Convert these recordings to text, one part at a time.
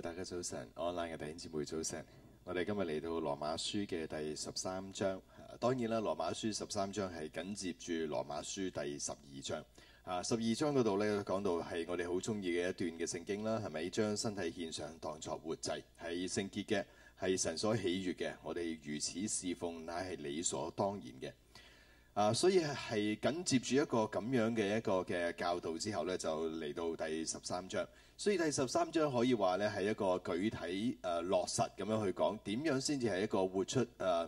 大家早晨，online 嘅弟兄姊妹早晨。我哋今日嚟到羅馬書嘅第十三章。啊、當然啦，羅馬書十三章係緊接住羅馬書第十二章。啊，十二章嗰度呢，講到係我哋好中意嘅一段嘅聖經啦，係咪將身體獻上當作活祭，係聖潔嘅，係神所喜悅嘅。我哋如此侍奉，乃係理所當然嘅。啊，所以係緊接住一個咁樣嘅一個嘅教導之後呢，就嚟到第十三章。所以第十三章可以話咧係一個具體誒落實咁樣去講，點樣先至係一個活出誒誒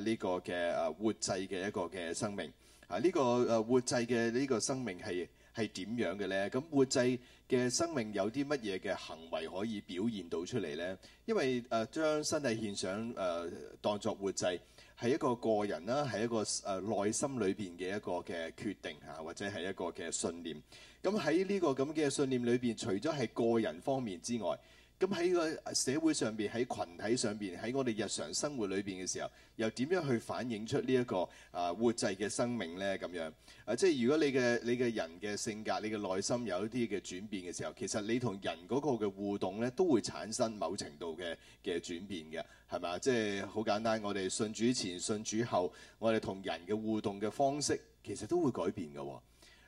呢個嘅誒活祭嘅一個嘅生命啊？呢、啊這個誒活祭嘅呢個生命係係點樣嘅咧？咁活祭嘅生命有啲乜嘢嘅行為可以表現到出嚟咧？因為誒、啊、將身體獻上誒當作活祭，係一個個人啦，係一個誒、啊、內心裏邊嘅一個嘅決定嚇、啊，或者係一個嘅信念。咁喺呢個咁嘅信念裏邊，除咗係個人方面之外，咁喺個社會上邊、喺群體上邊、喺我哋日常生活裏邊嘅時候，又點樣去反映出呢、這、一個啊活祭嘅生命呢？咁樣啊，即係如果你嘅你嘅人嘅性格、你嘅內心有一啲嘅轉變嘅時候，其實你同人嗰個嘅互動咧，都會產生某程度嘅嘅轉變嘅，係咪啊？即係好簡單，我哋信主前、信主後，我哋同人嘅互動嘅方式，其實都會改變嘅、哦。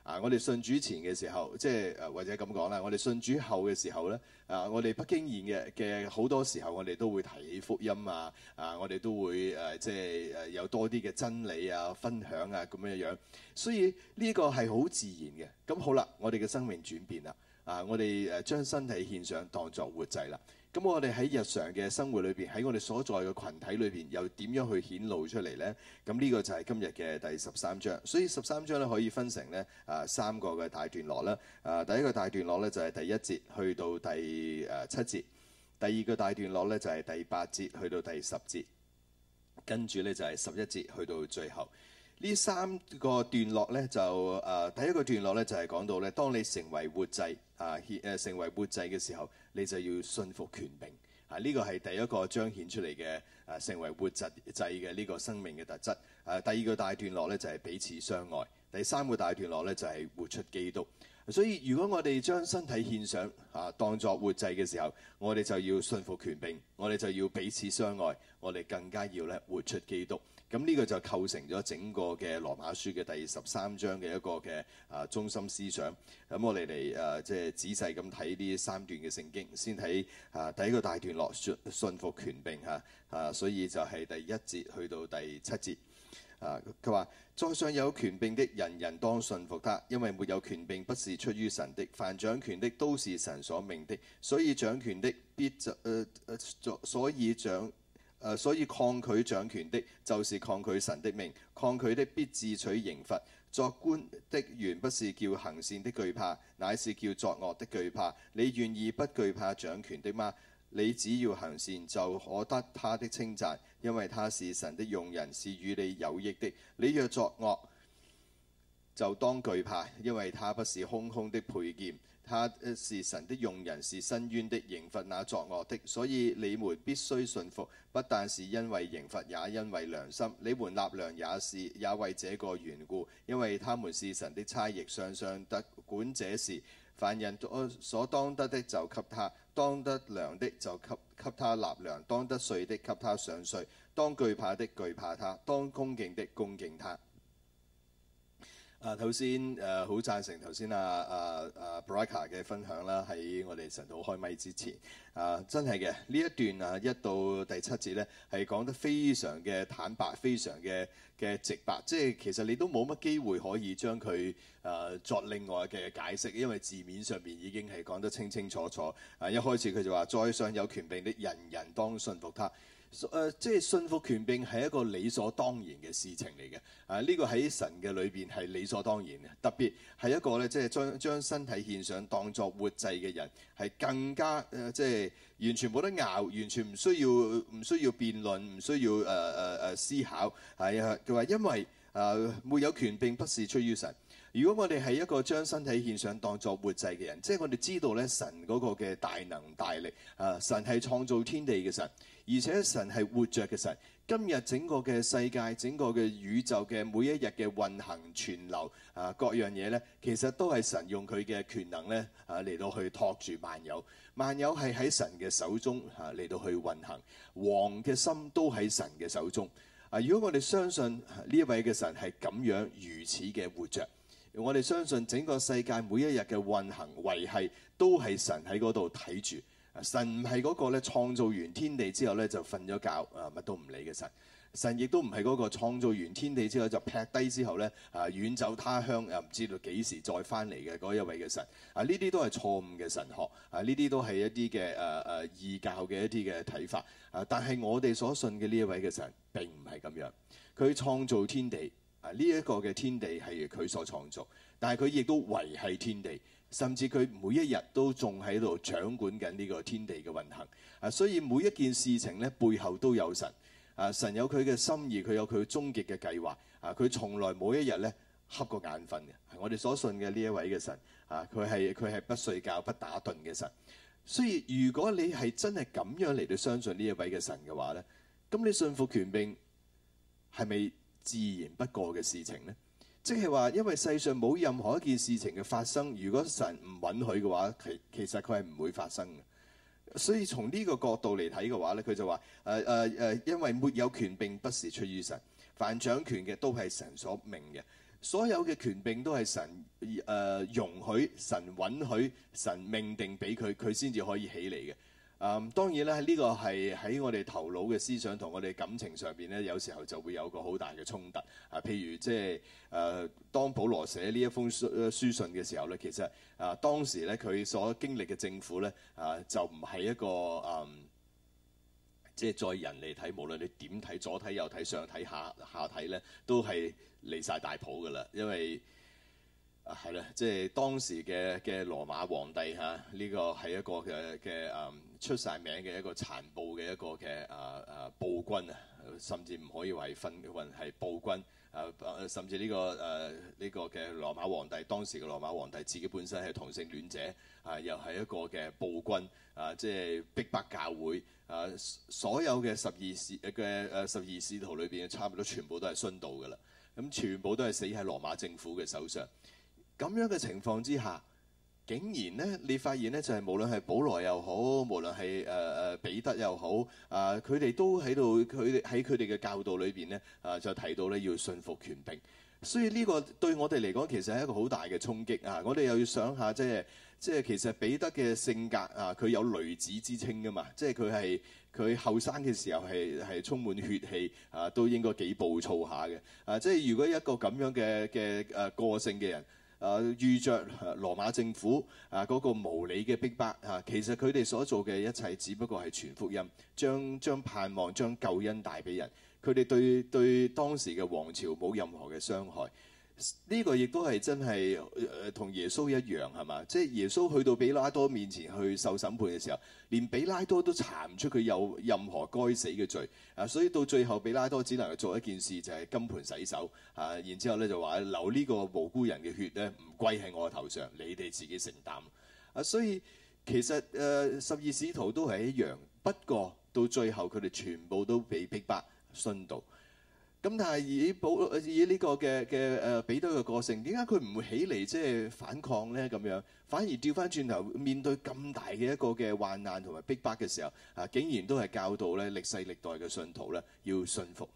啊！我哋信主前嘅時候，即係、啊、或者咁講啦，我哋信主後嘅時候咧，啊！我哋不經意嘅嘅好多時候，我哋都會提起福音啊，啊！我哋都會誒、啊，即係誒、啊、有多啲嘅真理啊，分享啊，咁樣樣。所以呢個係好自然嘅。咁好啦，我哋嘅生命轉變啦，啊！我哋誒將身體獻上，當作活祭啦。咁我哋喺日常嘅生活裏邊，喺我哋所在嘅群體裏邊，又點樣去顯露出嚟呢？咁呢個就係今日嘅第十三章。所以十三章咧可以分成咧啊三個嘅大段落啦。啊，第一個大段落咧就係第一節去到第誒七節。第二個大段落咧就係第八節去到第十節。跟住咧就係十一節去到最後。呢三個段落咧就啊第一個段落咧就係講到咧，當你成為活祭啊誒成為活祭嘅時候。你就要順服權柄，啊呢、這個係第一個彰顯出嚟嘅，誒、啊、成為活祭嘅呢個生命嘅特質。誒、啊、第二個大段落呢，就係、是、彼此相愛，第三個大段落呢，就係、是、活出基督。所以如果我哋將身體獻上，啊當作活祭嘅時候，我哋就要順服權柄，我哋就要彼此相愛，我哋更加要咧活出基督。咁呢個就構成咗整個嘅羅馬書嘅第十三章嘅一個嘅啊中心思想。咁、嗯、我哋嚟誒即係仔細咁睇呢三段嘅聖經，先睇啊第一個大段落信信服權柄吓，啊，所以就係第一節去到第七節啊。佢話在上有權柄的，人人當信服他，因為沒有權柄不是出於神的，凡掌權的都是神所命的，所以掌權的必就誒誒、呃呃，所以掌。所以抗拒掌權的，就是抗拒神的命。抗拒的必自取刑罰。作官的原不是叫行善的懼怕，乃是叫作惡的懼怕。你願意不懼怕掌權的嗎？你只要行善，就可得他的稱讚，因為他是神的用人，是與你有益的。你若作惡，就當懼怕，因為他不是空空的佩劍。他是神的用人，是伸冤的、刑罰那作惡的，所以你們必須順服，不但是因為刑罰，也因為良心。你們納糧也是，也為這個緣故，因為他們是神的差役，常常得管這事。凡人所當得的就給他，當得糧的就給給他納糧，當得稅的給他上稅，當懼怕的懼怕他，當恭敬的恭敬他。啊，頭先誒好贊成頭先啊啊啊布拉卡嘅分享啦，喺我哋晨禱開咪之前，啊真係嘅呢一段啊一到第七節呢，係講得非常嘅坦白，非常嘅嘅直白，即係其實你都冇乜機會可以將佢誒作另外嘅解釋，因為字面上面已經係講得清清楚楚。啊，一開始佢就話：在上有權柄的，人人當信服他。誒、呃，即係信服權柄係一個理所當然嘅事情嚟嘅。啊，呢、這個喺神嘅裏邊係理所當然嘅，特別係一個咧，即係將將身體獻上當作活祭嘅人，係更加誒、呃，即係完全冇得拗，完全唔需要唔需要辯論，唔需要誒誒誒思考。係啊，佢話因為啊、呃，沒有權柄不是出於神。如果我哋係一個將身體獻上當作活祭嘅人，即係我哋知道咧，神嗰個嘅大能大力啊、呃，神係創造天地嘅神。而且神係活著嘅神，今日整個嘅世界、整個嘅宇宙嘅每一日嘅運行、存留啊，各樣嘢咧，其實都係神用佢嘅權能咧啊嚟到去託住萬有，萬有係喺神嘅手中啊嚟到去運行，王嘅心都喺神嘅手中啊！如果我哋相信呢一位嘅神係咁樣如此嘅活著，我哋相信整個世界每一日嘅運行維繫都係神喺嗰度睇住。神唔係嗰個咧，創造完天地之後咧就瞓咗覺啊，乜都唔理嘅神。神亦都唔係嗰個創造完天地之後就撇低之後咧啊，遠走他鄉又唔、啊、知道幾時再翻嚟嘅嗰一位嘅神。啊，呢啲都係錯誤嘅神學。啊，呢啲都係一啲嘅誒誒異教嘅一啲嘅睇法。啊，但係我哋所信嘅呢一位嘅神並唔係咁樣。佢創造天地。啊，呢、這、一個嘅天地係佢所創造，但係佢亦都維繫天地。甚至佢每一日都仲喺度掌管緊呢個天地嘅運行啊！所以每一件事情咧，背後都有神啊！神有佢嘅心意，佢有佢終極嘅計劃啊！佢從來冇一日咧瞌過眼瞓嘅。我哋所信嘅呢一位嘅神啊，佢係佢係不睡覺、不打盹嘅神。所以如果你係真係咁樣嚟到相信呢一位嘅神嘅話咧，咁你信服權柄係咪自然不過嘅事情咧？即係話，因為世上冇任何一件事情嘅發生，如果神唔允許嘅話，其其實佢係唔會發生嘅。所以從呢個角度嚟睇嘅話咧，佢就話誒誒誒，因為沒有權柄，不是出於神，凡掌權嘅都係神所命嘅，所有嘅權柄都係神誒、呃、容許、神允許、神命定俾佢，佢先至可以起嚟嘅。啊，當然咧，呢個係喺我哋頭腦嘅思想同我哋感情上邊呢，有時候就會有個好大嘅衝突。啊，譬如即係誒，當保羅寫呢一封書書信嘅時候呢，其實啊，當時呢，佢所經歷嘅政府呢，啊，就唔係一個嗯，即係在人嚟睇，無論你點睇，左睇右睇上睇下下睇呢，都係離晒大譜㗎啦。因為啊，係啦，即係當時嘅嘅羅馬皇帝嚇，呢個係一個嘅嘅嗯。出晒名嘅一個殘暴嘅一個嘅啊啊暴君啊，甚至唔可以話係憤憤係暴君啊，甚至呢個誒呢個嘅羅馬皇帝，當時嘅羅馬皇帝自己本身係同性戀者啊，又係一個嘅暴君啊，即係逼迫白教會啊，所有嘅十二使嘅誒十二使徒裏邊、啊，差唔多全部都係殉道㗎啦，咁、啊、全部都係死喺羅馬政府嘅手上。咁樣嘅情況之下。竟然呢，你發現呢，就係、是、無論係保羅又好，無論係誒誒彼得又好，啊、呃，佢哋都喺度，佢哋喺佢哋嘅教導裏邊呢，啊、呃，就提到呢要順服權柄。所以呢個對我哋嚟講，其實係一個好大嘅衝擊啊！我哋又要想下，即係即係其實彼得嘅性格啊，佢有雷子之稱㗎嘛，即係佢係佢後生嘅時候係係充滿血氣啊，都應該幾暴躁下嘅啊！即係如果一個咁樣嘅嘅誒個性嘅人。啊，遇着羅馬政府啊，嗰個無理嘅逼迫啊，其實佢哋所做嘅一切，只不過係傳福音，將將將盼望、將救恩帶俾人。佢哋對對當時嘅王朝冇任何嘅傷害。呢個亦都係真係、呃、同耶穌一樣係嘛？即係耶穌去到比拉多面前去受審判嘅時候，連比拉多都查唔出佢有任何該死嘅罪啊！所以到最後比拉多只能係做一件事，就係、是、金盆洗手啊！然之後咧就話留呢個無辜人嘅血咧，唔歸喺我頭上，你哋自己承擔啊！所以其實誒、呃、十二使徒都係一樣，不過到最後佢哋全部都被逼迫白殉道。咁但係以保以呢個嘅嘅誒彼得嘅個性，點解佢唔會起嚟即係反抗咧？咁樣反而掉返轉頭面對咁大嘅一個嘅患難同埋逼迫嘅時候，啊，竟然都係教導咧歷世歷代嘅信徒咧要信服。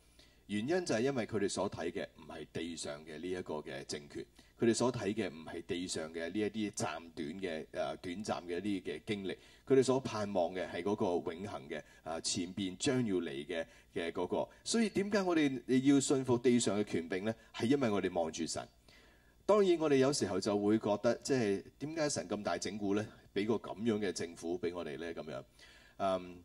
原因就係因為佢哋所睇嘅唔係地上嘅呢一個嘅政權。佢哋所睇嘅唔係地上嘅呢一啲暫短嘅誒短暫嘅呢啲嘅經歷，佢哋所盼望嘅係嗰個永恆嘅誒、啊、前邊將要嚟嘅嘅嗰個。所以點解我哋要信服地上嘅權柄呢？係因為我哋望住神。當然我哋有時候就會覺得，即係點解神咁大整蠱呢？俾個咁樣嘅政府俾我哋呢？咁樣。嗯，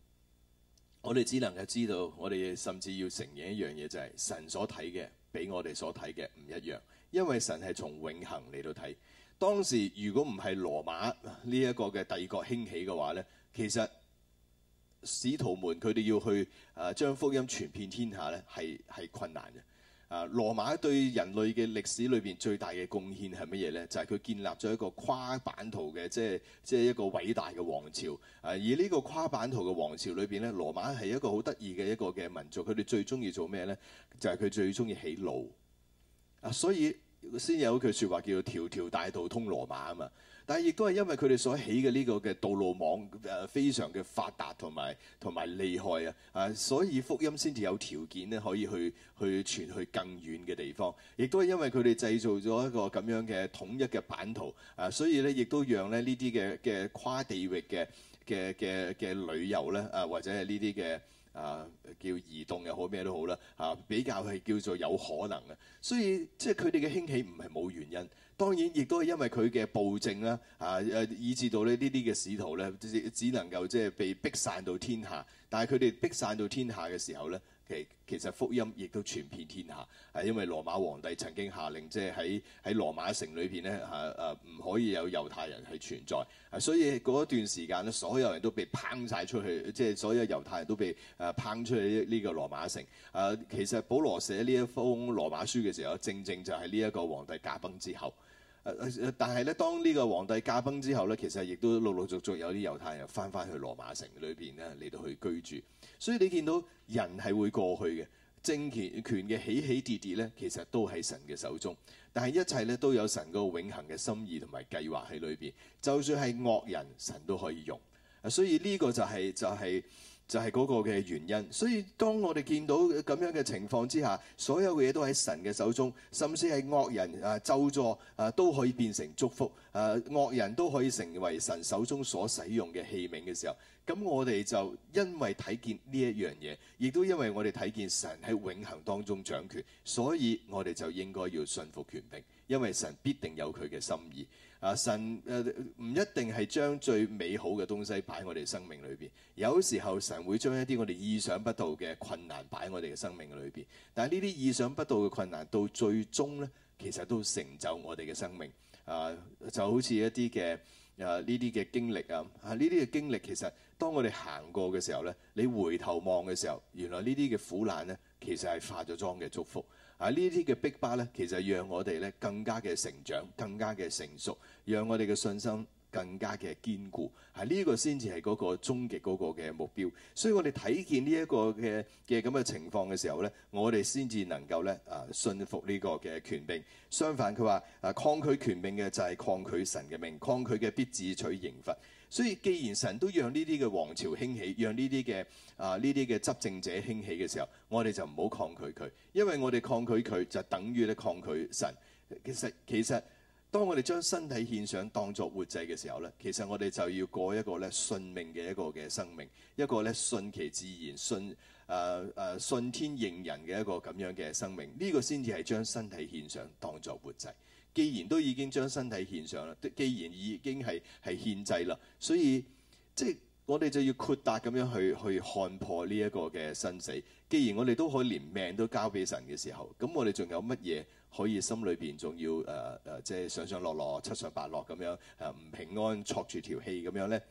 我哋只能夠知道，我哋甚至要承認一樣嘢，就係、是、神所睇嘅，比我哋所睇嘅唔一樣。因為神係從永恆嚟到睇，當時如果唔係羅馬呢一個嘅帝國興起嘅話咧，其實使徒們佢哋要去誒將福音傳遍天下咧，係係困難嘅。誒、啊、羅馬對人類嘅歷史裏邊最大嘅貢獻係乜嘢咧？就係、是、佢建立咗一個跨版圖嘅，即係即係一個偉大嘅王朝。誒、啊、而呢個跨版圖嘅王朝裏邊咧，羅馬係一個好得意嘅一個嘅民族，佢哋最中意做咩咧？就係、是、佢最中意起路。啊，所以先有一句説話叫做條條大道通羅馬啊嘛，但係亦都係因為佢哋所起嘅呢個嘅道路網誒非常嘅發達同埋同埋厲害啊，啊所以福音先至有條件咧可以去去傳去更遠嘅地方，亦都係因為佢哋製造咗一個咁樣嘅統一嘅版圖啊，所以咧亦都讓咧呢啲嘅嘅跨地域嘅嘅嘅嘅旅遊咧啊或者係呢啲嘅。啊，叫移動又好咩都好啦，啊比較係叫做有可能嘅，所以即係佢哋嘅興起唔係冇原因，當然亦都係因為佢嘅暴政啦，啊誒以致到咧呢啲嘅使徒咧只只能夠即係被逼散到天下，但係佢哋逼散到天下嘅時候咧。其其實福音亦都傳遍天下，係因為羅馬皇帝曾經下令，即係喺喺羅馬城裏邊咧嚇誒，唔可以有猶太人去存在。啊，所以嗰一段時間咧，所有人都被拋晒出去，即係所有猶太人都被誒拋出去呢個羅馬城。啊，其實保羅寫呢一封羅馬書嘅時候，正正就係呢一個皇帝駕崩之後。但係咧，當呢個皇帝駕崩之後呢，其實亦都陸陸陸續續有啲猶太人翻翻去羅馬城裏邊呢嚟到去居住。所以你見到人係會過去嘅，政權權嘅起起跌跌呢，其實都係神嘅手中。但係一切呢，都有神個永恆嘅心意同埋計劃喺裏邊。就算係惡人，神都可以用。所以呢個就係、就係。就係嗰個嘅原因，所以當我哋見到咁樣嘅情況之下，所有嘅嘢都喺神嘅手中，甚至係惡人啊咒詛啊都可以變成祝福，啊惡人都可以成為神手中所使用嘅器皿嘅時候，咁我哋就因為睇見呢一樣嘢，亦都因為我哋睇見神喺永恆當中掌權，所以我哋就應該要順服權柄。因為神必定有佢嘅心意，啊神誒唔、啊、一定係將最美好嘅東西擺喺我哋生命裏邊，有時候神會將一啲我哋意想不到嘅困難擺喺我哋嘅生命裏邊。但係呢啲意想不到嘅困難，到最終呢，其實都成就我哋嘅生命。啊，就好似一啲嘅誒呢啲嘅經歷啊，啊呢啲嘅經歷其實當我哋行過嘅時候呢，你回頭望嘅時候，原來呢啲嘅苦難呢，其實係化咗妝嘅祝福。啊！呢啲嘅逼巴咧，其實讓我哋咧更加嘅成長，更加嘅成熟，讓我哋嘅信心更加嘅堅固。係、啊、呢、這個先至係嗰個終極嗰個嘅目標。所以我哋睇見呢一個嘅嘅咁嘅情況嘅時候咧，我哋先至能夠咧啊信服呢個嘅權柄。相反，佢話啊抗拒權柄嘅就係抗拒神嘅命，抗拒嘅必自取刑罰。所以，既然神都讓呢啲嘅王朝興起，讓呢啲嘅啊呢啲嘅執政者興起嘅時候，我哋就唔好抗拒佢，因為我哋抗拒佢就等於咧抗拒神。其實其實，當我哋將身體獻上當作活祭嘅時候咧，其實我哋就要過一個咧順命嘅一個嘅生命，一個咧順其自然、順誒誒順天應人嘅一個咁樣嘅生命，呢個先至係將身體獻上當作活祭。既然都已經將身體獻上啦，既然已經係係獻祭啦，所以即係我哋就要豁達咁樣去去看破呢一個嘅生死。既然我哋都可以連命都交俾神嘅時候，咁我哋仲有乜嘢可以心裏邊仲要誒誒、呃呃、即係上上落落、七上八落咁樣誒唔、呃、平安戳條氣、戳住條氣咁樣咧？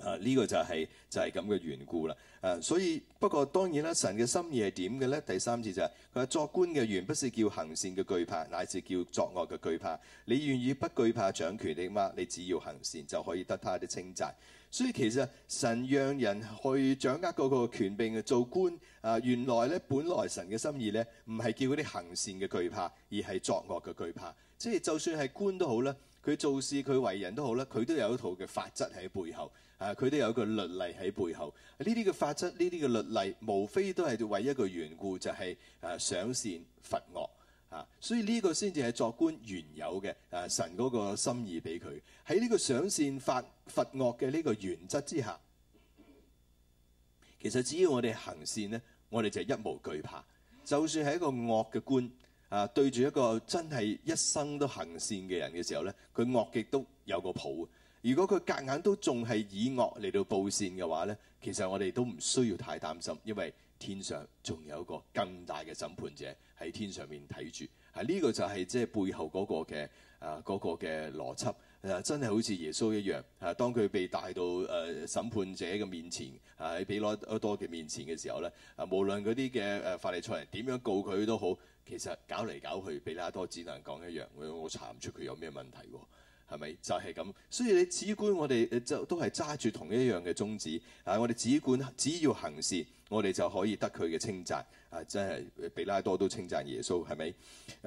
啊！呢、這個就係、是、就係咁嘅緣故啦。啊，所以不過當然啦，神嘅心意係點嘅咧？第三次就係佢話作官嘅原不是叫行善嘅懼怕，乃是叫作惡嘅懼怕。你願意不懼怕掌權嘅嗎？你只要行善就可以得他的稱讚。所以其實神讓人去掌握嗰個，個，個權柄做官，啊、呃、原來咧本來神嘅心意咧，唔係叫嗰啲行善嘅懼怕，而係作惡嘅懼怕。即係就算係官都好啦，佢做事佢為人都好啦，佢都有一套嘅法則喺背後，啊，佢都有一個律例喺背後。呢啲嘅法則，呢啲嘅律例，無非都係為一,一個緣故，就係誒賞善罰惡。啊，所以呢個先至係作官原有嘅，誒、啊、神嗰個心意俾佢喺呢個賞善罰罰惡嘅呢個原則之下，其實只要我哋行善呢，我哋就一無懼怕。就算係一個惡嘅官啊，對住一個真係一生都行善嘅人嘅時候呢，佢惡極都有個譜。如果佢隔硬，硬都仲係以惡嚟到報善嘅話呢，其實我哋都唔需要太擔心，因為。天上仲有一個更大嘅審判者喺天上面睇住，係、啊、呢、呢個就係即係背後嗰個嘅啊嗰嘅、嗰個、邏輯啊，真係好似耶穌一樣啊。當佢被帶到誒、啊、審判者嘅面前啊，喺比拉多嘅面前嘅時候咧、啊，無論嗰啲嘅誒法利賽人點樣告佢都好，其實搞嚟搞去，比拉多只能講一樣，我查唔出佢有咩問題喎、啊？係咪就係、係、咁？所以你只管我哋就都係揸住同一樣嘅宗旨啊！我哋只管只要行事。我哋就可以得佢嘅稱讚啊！真係比拉多都稱讚耶穌係咪？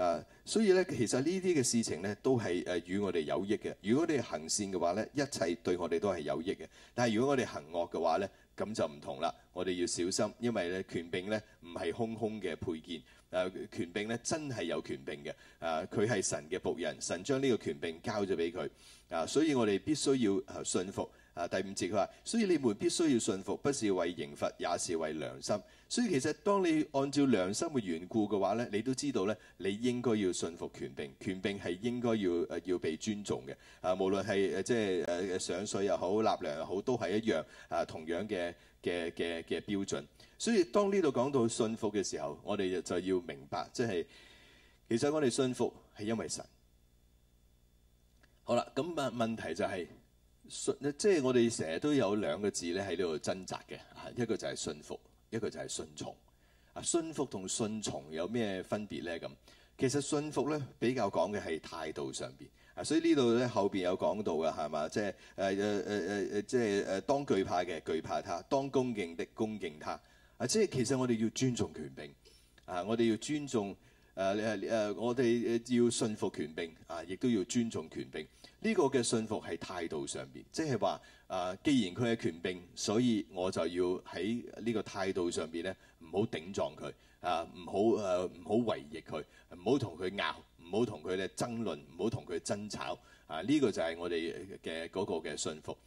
啊，所以咧，其實呢啲嘅事情咧，都係誒與我哋有益嘅。如果你行善嘅話咧，一切對我哋都係有益嘅。但係如果我哋行惡嘅話咧，咁就唔同啦。我哋要小心，因為咧權柄咧唔係空空嘅佩劍。誒，權柄咧、啊、真係有權柄嘅。啊，佢係神嘅僕人，神將呢個權柄交咗俾佢。啊，所以我哋必須要誒信服。啊，第五節佢話：所以你們必須要順服，不是為刑罰，也是為良心。所以其實當你按照良心嘅緣故嘅話咧，你都知道咧，你應該要順服權柄，權柄係應該要誒要被尊重嘅。啊，無論係誒即係誒上稅又好，納糧又好，都係一樣啊，同樣嘅嘅嘅嘅標準。所以當呢度講到順服嘅時候，我哋就要明白，即係其實我哋順服係因為神。好啦，咁啊問題就係、是。信即係我哋成日都有兩個字咧喺呢度掙扎嘅，一個就係順服，一個就係順從。啊，順服同順從有咩分別咧？咁其實順服咧比較講嘅係態度上邊，啊，所以呢度咧後邊有講到嘅係嘛，即係誒誒誒誒誒，即係誒當懼怕嘅懼怕他，當恭敬的恭敬他。啊，即係其實我哋要尊重權柄，啊，我哋要尊重誒誒誒，我哋要順服權柄，啊，亦都要尊重權柄。呢個嘅信服係態度上邊，即係話啊，既然佢係權柄，所以我就要喺呢個態度上邊咧，唔好頂撞佢啊，唔好誒，唔好違逆佢，唔好同佢拗，唔好同佢咧爭論，唔好同佢爭吵啊！啊，呢個就係我哋嘅嗰個嘅信服。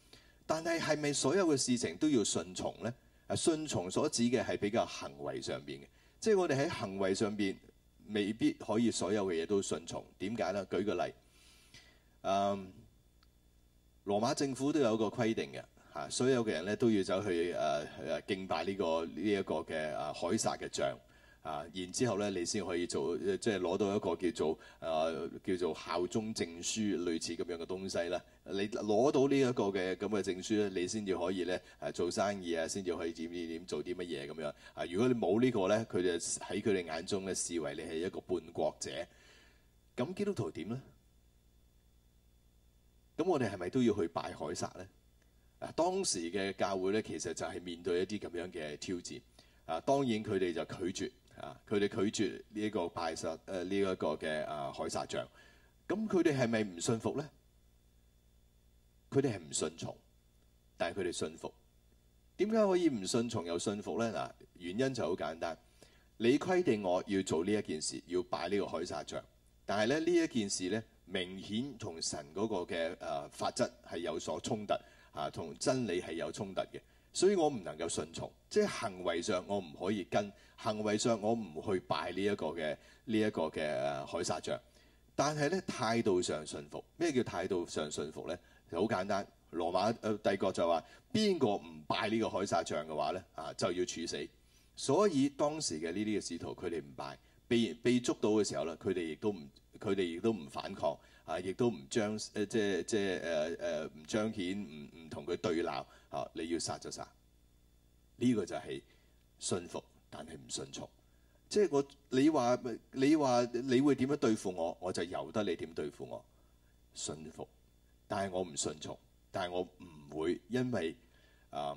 但係係咪所有嘅事情都要順從咧？啊，順從所指嘅係比較行為上邊嘅，即係我哋喺行為上邊未必可以所有嘅嘢都順從。點解咧？舉個例。誒、um, 羅馬政府都有一個規定嘅，嚇、啊、所有嘅人咧都要走去誒誒、啊、敬拜呢、這個呢一、這個嘅啊凱撒嘅像，啊然之後咧你先可以做即係攞到一個叫做誒、啊、叫做效忠證書類似咁樣嘅東西咧，你攞到呢一個嘅咁嘅證書咧，你先至可以咧誒做生意啊，先至可以點點點做啲乜嘢咁樣啊？如果你冇呢個咧，佢哋喺佢哋眼中咧視為你係一個叛國者。咁基督徒點咧？咁我哋係咪都要去拜凱撒咧？啊，當時嘅教會咧，其實就係面對一啲咁樣嘅挑戰。啊，當然佢哋就拒絕。啊，佢哋拒絕呢一個拜撒。誒、呃，呢、這、一個嘅啊凱撒像。咁佢哋係咪唔信服咧？佢哋係唔信從，但係佢哋信服。點解可以唔信從又信服咧？嗱，原因就好簡單。你規定我要做呢一件事，要拜呢個凱撒像，但係咧呢一件事咧。明顯同神嗰個嘅誒法則係有所衝突嚇，同、啊、真理係有衝突嘅，所以我唔能夠順從，即係行為上我唔可以跟，行為上我唔去拜呢一個嘅呢一個嘅凱撒像，但係咧態度上信服。咩叫態度上信服咧？就好簡單，羅馬、呃、帝國就話邊個唔拜呢個凱撒像嘅話咧，啊就要處死。所以當時嘅呢啲嘅使徒佢哋唔拜，被被捉到嘅時候咧，佢哋亦都唔。佢哋亦都唔反抗，啊，亦都唔彰，誒、呃，即係即係誒誒唔彰顯唔唔同佢對鬧，吓，你要殺就殺，呢、這個就係順服，但係唔順從，即係我你話你話你會點樣對付我，我就由得你點對付我，順服，但係我唔順從，但係我唔會因為誒、嗯、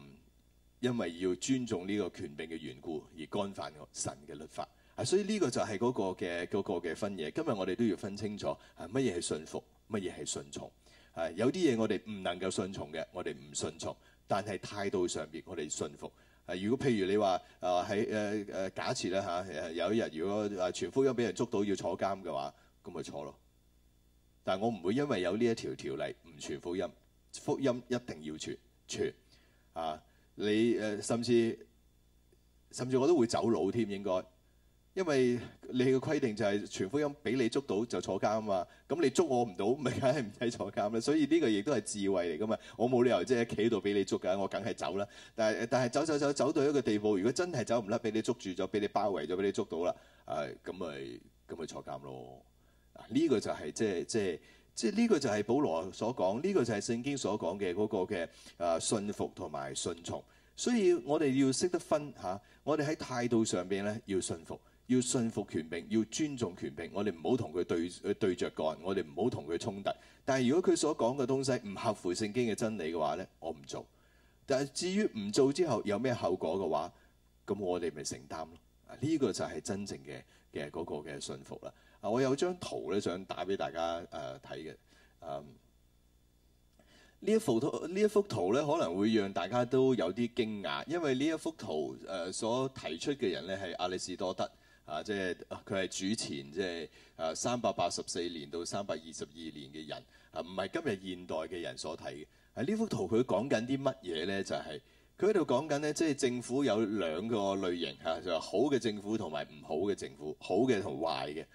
因為要尊重呢個權柄嘅緣故而干犯我神嘅律法。啊，所以呢個就係嗰個嘅嗰個嘅分野。今日我哋都要分清楚係乜嘢係信服，乜嘢係順從。係、啊、有啲嘢我哋唔能夠順從嘅，我哋唔順從。但係態度上邊我哋信服。啊，如果譬如你話啊喺誒誒假設啦嚇、啊，有一日如果傳福音俾人捉到要坐監嘅話，咁咪坐咯。但係我唔會因為有呢一條條例唔傳福音，福音一定要傳傳啊。你誒、啊、甚至甚至我都會走佬添，應該。因為你嘅規定就係傳福音，俾你捉到就坐監啊嘛。咁你捉我唔到，咪梗係唔使坐監啦。所以呢個亦都係智慧嚟噶嘛。我冇理由即係企喺度俾你捉㗎，我梗係走啦。但係但係走走走走到一個地步，如果真係走唔甩，俾你捉住咗，俾你包圍咗，俾你捉到啦，啊咁咪咁咪坐監咯。呢個就係即係即係即係呢個就係保羅所講，呢個就係聖經所講嘅嗰個嘅啊順服同埋順從。所以我哋要識得分嚇，我哋喺態度上邊咧要順服。要信服權柄，要尊重權柄。我哋唔好同佢對，對著幹。我哋唔好同佢衝突。但係如果佢所講嘅東西唔合乎聖經嘅真理嘅話呢，我唔做。但係至於唔做之後有咩後果嘅話，咁我哋咪承擔咯。呢、呢個就係真正嘅嘅嗰嘅信服啦。啊，我有張圖咧，想打俾大家誒睇嘅。呢、呃嗯、一幅圖，呢一幅圖咧，可能會讓大家都有啲驚訝，因為呢一幅圖誒所提出嘅人呢係亞里士多德。啊，即係佢係主前即係啊三百八十四年到三百二十二年嘅人，啊唔係今日現代嘅人所睇嘅。喺、啊、呢幅圖佢講緊啲乜嘢咧？就係佢喺度講緊咧，即係政府有兩個類型嚇、啊，就係、是、好嘅政府同埋唔好嘅政府，好嘅同壞嘅。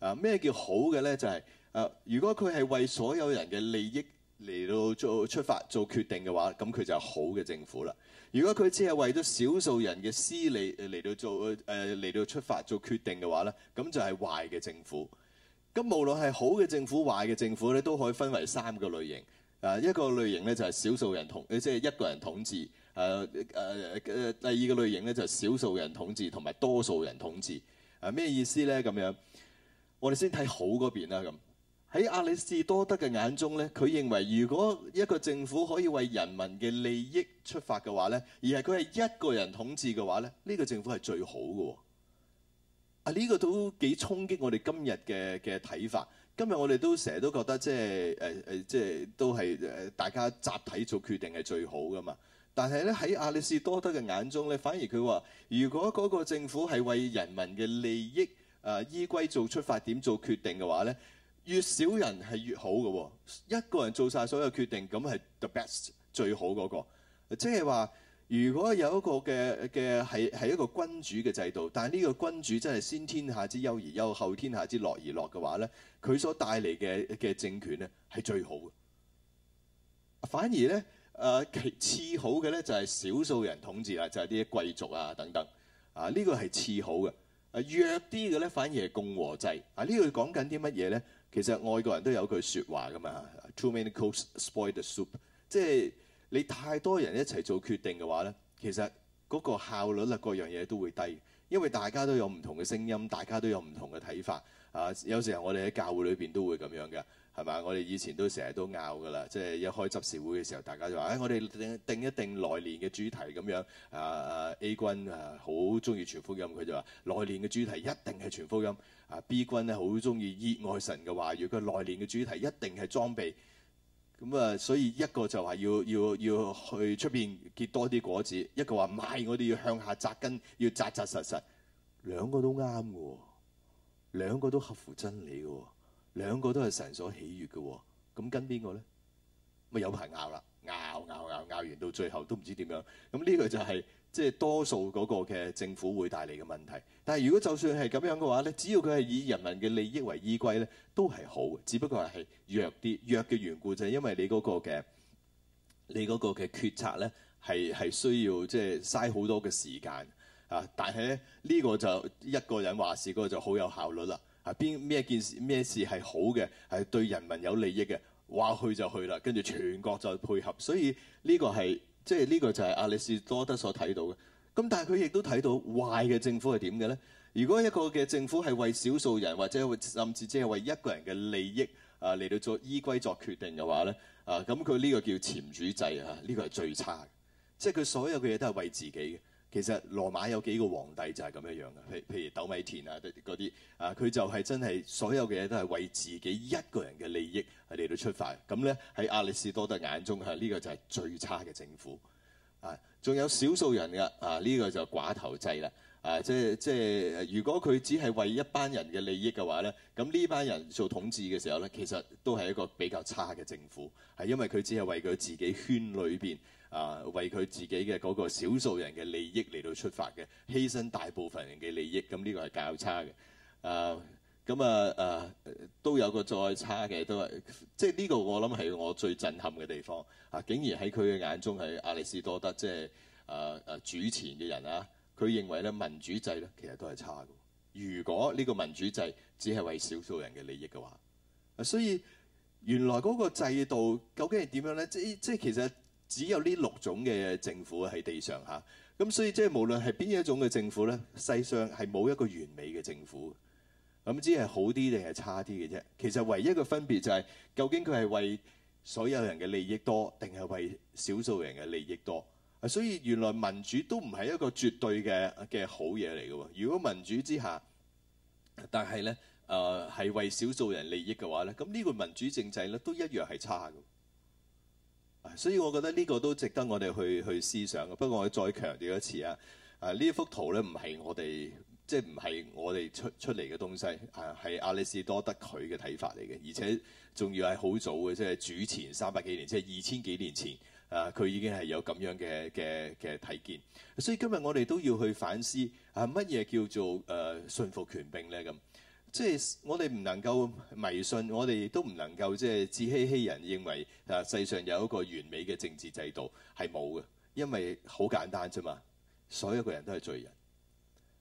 啊，咩叫好嘅咧？就係、是、啊，如果佢係為所有人嘅利益嚟到做出發做決定嘅話，咁佢就係好嘅政府啦。如果佢只係為咗少數人嘅私利嚟到做誒嚟、呃、到出發做決定嘅話咧，咁就係壞嘅政府。咁無論係好嘅政府、壞嘅政府咧，都可以分為三個類型。啊、呃，一個類型咧就係少數人統，即係一個人統治。誒誒誒，第二個類型咧就係少數人統治同埋多數人統治。啊，咩、呃、意思咧？咁樣，我哋先睇好嗰邊啦。咁。喺亞里士多德嘅眼中呢，佢認為如果一個政府可以為人民嘅利益出發嘅話呢，而係佢係一個人統治嘅話咧，呢、呢個政府係最好嘅。啊，呢、呢個都幾衝擊我哋今日嘅嘅睇法。今日我哋都成日都覺得即係誒誒，即係、呃、都係誒大家集體做決定係最好噶嘛。但係呢，喺亞里士多德嘅眼中呢反而佢話，如果嗰個政府係為人民嘅利益誒、呃、依歸做出發點做決定嘅話呢。越少人係越好嘅，哦，一個人做晒所有決定咁係 the best 最好嗰，那個。即係話，如果有一個嘅嘅係係一個君主嘅制度，但係呢個君主真係先天下之憂而憂，後天下之樂而樂嘅話咧，佢所帶嚟嘅嘅政權咧係最好嘅。反而咧誒、呃、其次好嘅咧就係、是、少數人統治啦，就係、是、啲貴族啊等等啊呢、這個係次好嘅，啊。弱啲嘅咧反而係共和制啊、這個、呢個講緊啲乜嘢咧？其實外國人都有句説話㗎嘛，too many cooks spoil the soup，即係你太多人一齊做決定嘅話咧，其實嗰個效率啊，各樣嘢都會低，因為大家都有唔同嘅聲音，大家都有唔同嘅睇法，啊，有時候我哋喺教會裏邊都會咁樣嘅。係嘛？我哋以前都成日都拗㗎啦，即係一開執事會嘅時候，大家就話：誒、哎，我哋定一定來年嘅主題咁樣。啊啊，A 君啊，好鍾意全福音，佢就話來年嘅主題一定係全福音。啊，B 君咧，好鍾意熱愛神嘅話，如果佢來年嘅主題一定係裝備。咁啊，所以一個就話要要要，要去出邊結多啲果子，一個話唔係，我哋要向下扎根，要扎扎實實。兩個都啱㗎、哦，兩個都合乎真理㗎、哦。兩個都係神所喜悅嘅、哦，咁、嗯、跟邊個呢？咪、嗯、有排拗啦，拗拗拗拗完到最後都唔知點樣。咁呢個就係、係、即係多數嗰個嘅政府會帶嚟嘅問題。但係如果就算係咁樣嘅話咧，只要佢係以人民嘅利益為依歸咧，都係好。只不過係弱啲，弱嘅緣故就係因為你嗰個嘅你嗰個嘅決策咧，係係需要即係嘥好多嘅時間啊！但係咧呢、呢個就一個人話事嗰個就好有效率啦。邊咩件事咩事係好嘅，係對人民有利益嘅，話去就去啦，跟住全國就配合，所以呢個係即係呢個就係阿里士多德所睇到嘅。咁但係佢亦都睇到壞嘅政府係點嘅呢？如果一個嘅政府係為少數人，或者甚至淨係為一個人嘅利益啊嚟到作依歸作決定嘅話呢，啊咁佢呢個叫僭主制啊，呢個係最差嘅，即係佢所有嘅嘢都係為自己嘅。其實羅馬有幾個皇帝就係咁樣樣嘅，譬譬如斗米田啊，嗰啲啊，佢就係真係所有嘅嘢都係為自己一個人嘅利益嚟到出發。咁咧喺亞里士多德眼中，呢個就係最差嘅政府。啊，仲有少數人嘅啊，呢個就寡頭制啦。啊，即即如果佢只係為一班人嘅利益嘅話咧，咁呢班人做統治嘅時候咧，其實都係一個比較差嘅政府，係因為佢只係為佢自己圈裏邊。啊，為佢自己嘅嗰個少數人嘅利益嚟到出發嘅，犧牲大部分人嘅利益，咁呢個係較差嘅。啊，咁啊，誒、啊、都有個再差嘅，都係即係呢個我諗係我最震撼嘅地方啊！竟然喺佢嘅眼中係亞里士多德，即係誒誒主前嘅人啊，佢認為咧，民主制咧，其實都係差嘅。如果呢個民主制只係為少數人嘅利益嘅話，所以原來嗰個制度究竟係點樣咧？即即係其實。只有呢六種嘅政府喺地上嚇，咁所以即係無論係邊一種嘅政府呢，世上係冇一個完美嘅政府，咁只係好啲定係差啲嘅啫。其實唯一嘅分別就係、是、究竟佢係為所有人嘅利益多，定係為少數人嘅利益多啊？所以原來民主都唔係一個絕對嘅嘅好嘢嚟嘅喎。如果民主之下，但係呢誒係、呃、為少數人利益嘅話呢，咁呢個民主政制呢，都一樣係差嘅。所以我覺得呢個都值得我哋去去思想嘅。不過我再強調一次啊，啊呢一幅圖咧唔係我哋即係唔係我哋出出嚟嘅東西啊，係亞里士多德佢嘅睇法嚟嘅，而且仲要係好早嘅，即係主前三百幾年，即係二千幾年前啊，佢已經係有咁樣嘅嘅嘅睇見。所以今日我哋都要去反思啊，乜嘢叫做誒順、呃、服權柄咧咁。即係我哋唔能夠迷信，我哋亦都唔能夠即係自欺欺人，認為啊世上有一個完美嘅政治制度係冇嘅，因為好簡單啫嘛。所有個人都係罪人，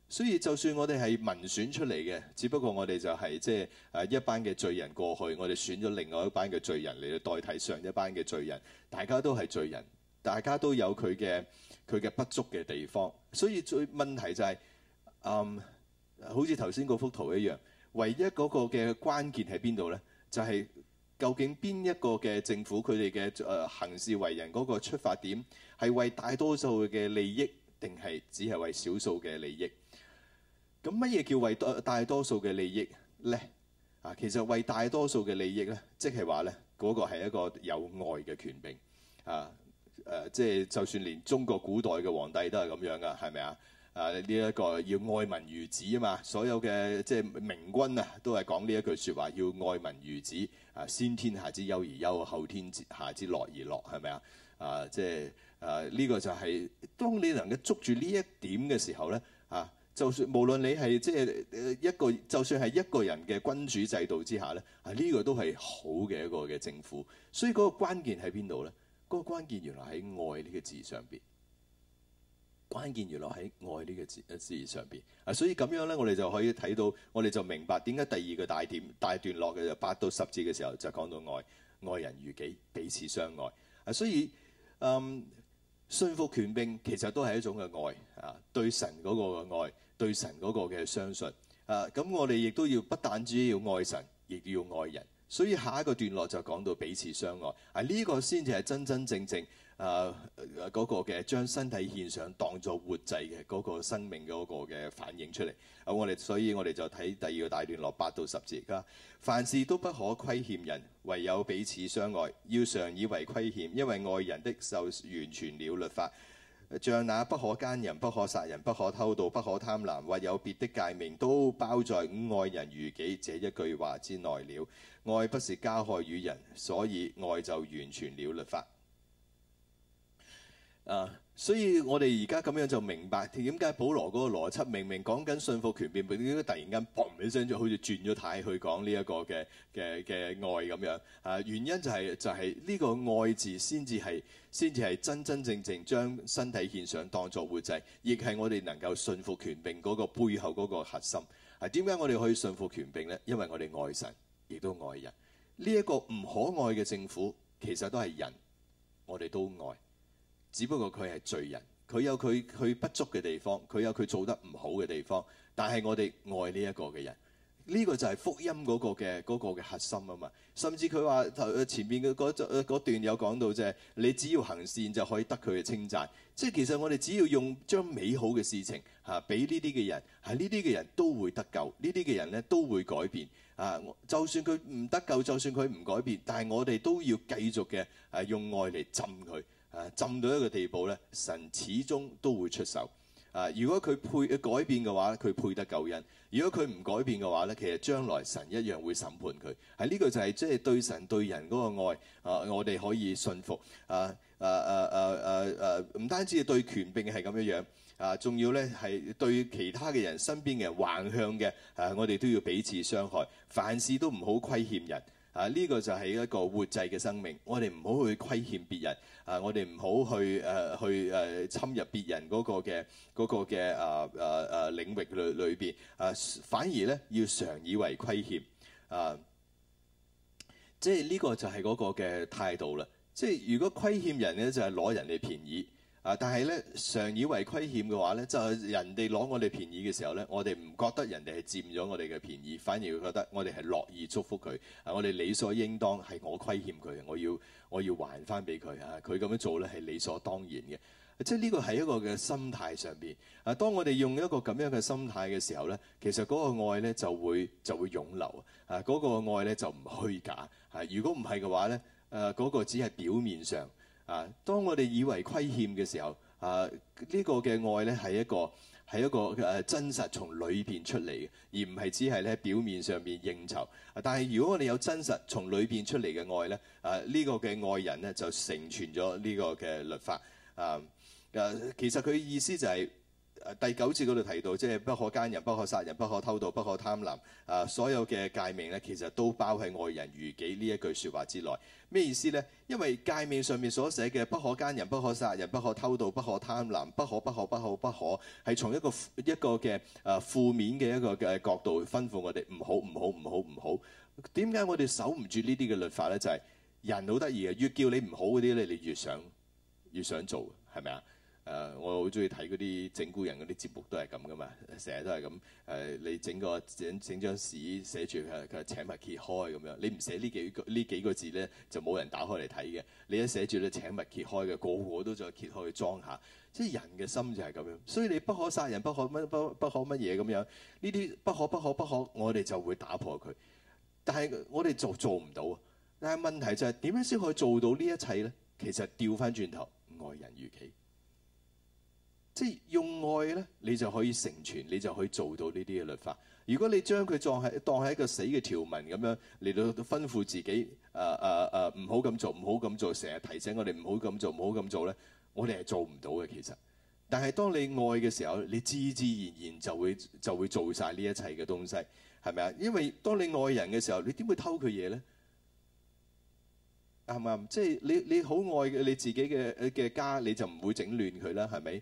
所以就算我哋係民選出嚟嘅，只不過我哋就係、係、即係誒、啊、一班嘅罪人過去，我哋選咗另外一班嘅罪人嚟代替上一班嘅罪人，大家都係罪人，大家都有佢嘅佢嘅不足嘅地方。所以最問題就係、係嗯、好似頭先嗰幅圖一樣。唯一嗰個嘅關鍵喺邊度呢？就係、是、究竟邊一個嘅政府佢哋嘅誒行事為人嗰個出發點係為大多數嘅利益，定係只係為少數嘅利益？咁乜嘢叫為大多數嘅利益呢？啊，其實為大多數嘅利益呢，即係話呢，嗰、那個係一個有愛嘅權柄啊！誒、啊，即係就算連中國古代嘅皇帝都係咁樣噶，係咪啊？誒呢一個要愛民如子啊嘛，所有嘅即係明君啊，都係講呢一句説話，要愛民如子啊，先天下之憂而憂，後天下之樂而樂，係咪啊？啊，即係啊，呢個就係當你能夠捉住呢一點嘅時候咧，啊，就算無論你係即係一個，就算係一個人嘅君主制度之下咧，啊，呢個都係好嘅一個嘅政府。所以嗰個關鍵喺邊度咧？嗰個關鍵原來喺愛呢個字上邊。關鍵原來喺愛呢個字個字上邊啊，所以咁樣呢，我哋就可以睇到，我哋就明白點解第二個大點大段落嘅就八到十字嘅時候就講到愛，愛人如己，彼此相愛啊。所以誒、嗯，信服權柄其實都係一種嘅愛啊，對神嗰個嘅愛，對神嗰個嘅相信啊。咁我哋亦都要不但止要愛神，亦要愛人。所以下一個段落就講到彼此相愛啊，呢個先至係真真正正。啊！嗰、啊那個嘅將身體獻上當作活祭嘅嗰個生命嗰個嘅反應出嚟。咁、啊、我哋，所以我哋就睇第二個大段落八到十字。啦。凡事都不可虧欠人，唯有彼此相愛，要常以為虧欠，因為愛人的就完全了律法。像、呃、那不可奸淫、不可殺人、不可偷盜、不可貪婪，或有別的誡命，都包在愛人如己這一句話之內了。愛不是加害於人，所以愛就完全了律法。啊，uh, 所以我哋而家咁樣就明白點解保羅嗰個邏輯明明，明明講緊信服權柄，點解突然間嘣一聲，就好似轉咗軚去講呢一個嘅嘅嘅愛咁樣？啊，原因就係、是、就係、是、呢個愛字先至係先至係真真正正將身體獻上當作活祭，亦係我哋能夠信服權柄嗰個背後嗰個核心。啊，點解我哋可以信服權柄呢？因為我哋愛神，亦都愛人。呢、這、一個唔可愛嘅政府，其實都係人，我哋都愛。只不過佢係罪人，佢有佢佢不足嘅地方，佢有佢做得唔好嘅地方。但係我哋愛呢一個嘅人，呢、呢個就係福音嗰個嘅嗰個嘅核心啊嘛。甚至佢話頭前面嘅嗰、嗰個、段有講到、就係，即係你只要行善就可以得佢嘅稱讚。即係其實我哋只要用將美好嘅事情嚇俾呢啲嘅人，係呢啲嘅人都會得救，呢啲嘅人咧都會改變啊。就算佢唔得救，就算佢唔改變，但係我哋都要繼續嘅誒、啊、用愛嚟浸佢。誒、啊、浸到一個地步咧，神始終都會出手。啊，如果佢配改變嘅話，佢配得救恩；如果佢唔改變嘅話咧，其實將來神一樣會審判佢。喺、啊、呢、這個就係即係對神對人嗰個愛。啊，我哋可以信服。啊啊啊啊啊啊！唔、啊啊啊啊、單止對權柄係咁樣樣，啊，仲要咧係對其他嘅人身邊嘅人橫向嘅，啊，我哋都要彼此傷害。凡事都唔好虧欠人。啊！呢、這個就係一個活祭嘅生命，我哋唔好去虧欠別人啊！我哋唔好去誒、啊、去誒、啊、侵入別人嗰個嘅嗰個嘅啊啊啊領域裏裏邊啊，反而咧要常以為虧欠啊！即係呢個就係嗰個嘅態度啦。即係如果虧欠人咧，就係、是、攞人哋便宜。啊！但係咧，常以為虧欠嘅話咧，就係、是、人哋攞我哋便宜嘅時候咧，我哋唔覺得人哋係佔咗我哋嘅便宜，反而覺得我哋係樂意祝福佢。啊！我哋理所應當係我虧欠佢，我要我要還翻俾佢啊！佢咁樣做咧係理所當然嘅，啊。即係呢個係一個嘅心態上邊。啊！當我哋用一個咁樣嘅心態嘅時候咧，其實嗰個愛咧就會就會湧流啊！嗰，那個愛咧就唔虛假啊！如果唔係嘅話咧，誒、啊、嗰、那個只係表面上。啊！當我哋以為虧欠嘅時候，啊、這個、呢個嘅愛呢係一個係一個誒、啊、真實從裏邊出嚟嘅，而唔係只係咧表面上面應酬。啊！但係如果我哋有真實從裏邊出嚟嘅愛呢，啊呢、這個嘅愛人呢就成全咗呢個嘅律法。啊，啊其實佢意思就係、是。第九節嗰度提到，即係不可奸人、不可殺人、不可偷盜、不可貪婪。啊，所有嘅誡命呢，其實都包喺愛人如己呢一句説話之內。咩意思呢？因為誡命上面所寫嘅不可奸人、不可殺人、不可偷盜、不可貪婪、不可、不可、不可、不可，係從一個一個嘅啊負面嘅一個嘅角度吩咐我哋唔好、唔好、唔好、唔好。點解我哋守唔住呢啲嘅律法呢？就係人好得意啊！越叫你唔好嗰啲，你你越想越想做，係咪啊？誒、啊，我好中意睇嗰啲整蠱人嗰啲節目，都係咁噶嘛。成日都係咁誒，你整個整整張紙寫住佢佢請勿揭開咁樣。你唔寫呢幾個呢幾個字咧，就冇人打開嚟睇嘅。你一寫住咧請勿揭開嘅，個個都再揭開去裝下。即係人嘅心就係咁樣，所以你不可殺人，不可乜不不可乜嘢咁樣呢啲不可不可不可，我哋就會打破佢。但係我哋做做唔到啊。但係問題就係、是、點樣先可以做到呢一切咧？其實掉翻轉頭，愛人如己。即係用愛咧，你就可以成全，你就可以做到呢啲嘅律法。如果你將佢當係當係一個死嘅條文咁樣嚟到吩咐自己，誒誒誒，唔好咁做，唔好咁做，成日提醒我哋唔好咁做，唔好咁做咧，我哋係做唔到嘅其實。但係當你愛嘅時候，你自自然然就會就會做晒呢一切嘅東西，係咪啊？因為當你愛人嘅時候，你點會偷佢嘢咧？係咪？即係你你好愛你自己嘅嘅家，你就唔會整亂佢啦，係咪？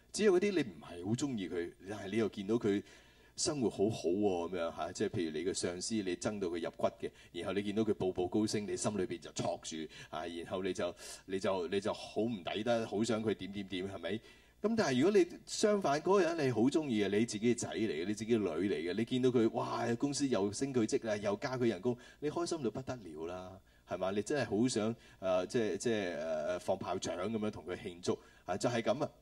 只有嗰啲你唔係好中意佢，但係你又見到佢生活好好、啊、喎，咁樣嚇，即、啊、係譬如你嘅上司，你憎到佢入骨嘅，然後你見到佢步步高升，你心裏邊就戳住嚇，然後你就你就你就好唔抵得，好想佢點點點係咪？咁但係如果你相反嗰、那個人你好中意嘅，你自己仔嚟嘅，你自己女嚟嘅，你見到佢哇公司又升佢職啦，又加佢人工，你開心到不得了啦，係嘛？你真係好想誒、呃、即係即係誒誒放炮仗咁樣同佢慶祝啊！就係、是、咁啊～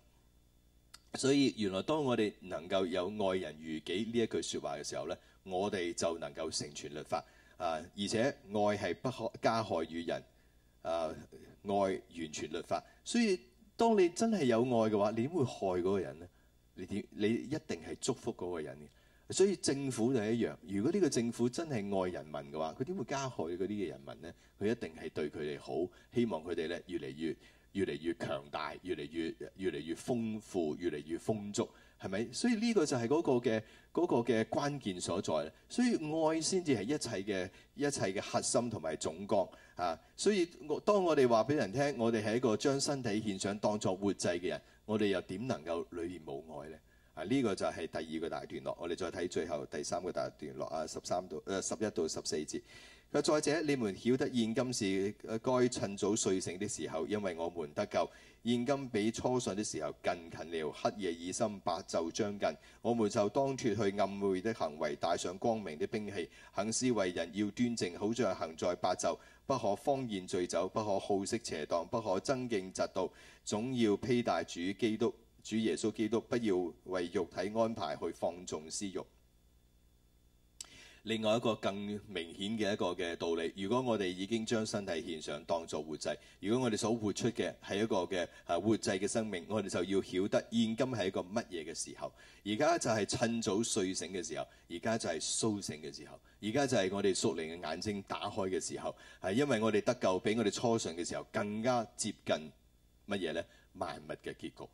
所以原來當我哋能夠有愛人如己呢一句説話嘅時候呢，我哋就能夠成全律法啊！而且愛係不可加害於人啊，愛完全律法。所以當你真係有愛嘅話，你點會害嗰個人呢？你點，你一定係祝福嗰個人嘅。所以政府就係一樣，如果呢個政府真係愛人民嘅話，佢點會加害嗰啲嘅人民呢？佢一定係對佢哋好，希望佢哋咧越嚟越。越嚟越強大，越嚟越越嚟越豐富，越嚟越豐足，係咪？所以呢個就係嗰個嘅嗰個嘅關鍵所在。所以愛先至係一切嘅一切嘅核心同埋總角啊。所以我當我哋話俾人聽，我哋係一個將身體獻上當作活祭嘅人，我哋又點能夠裏面冇愛呢？啊，呢、呢個就係第二個大段落。我哋再睇最後第三個大段落啊，十三到誒、啊、十一到十四節。佢再者，你們曉得現今是該趁早睡醒的時候，因為我們得救，現今比初信的時候更近，近了。黑夜已深，白晝將近，我們就當脫去暗昧的行為，帶上光明的兵器。行事為人要端正，好像行在白晝，不可荒宴醉酒，不可好色邪蕩，不可爭競嫉妒，總要披戴主基督、主耶穌基督，不要為肉體安排去放縱私慾。另外一個更明顯嘅一個嘅道理，如果我哋已經將身體獻上當作活祭，如果我哋所活出嘅係一個嘅啊活祭嘅生命，我哋就要曉得現今係一個乜嘢嘅時候。而家就係趁早睡醒嘅時候，而家就係甦醒嘅時候，而家就係我哋屬靈嘅眼睛打開嘅時候，係因為我哋得救比我哋初信嘅時候更加接近乜嘢呢？萬物嘅結局，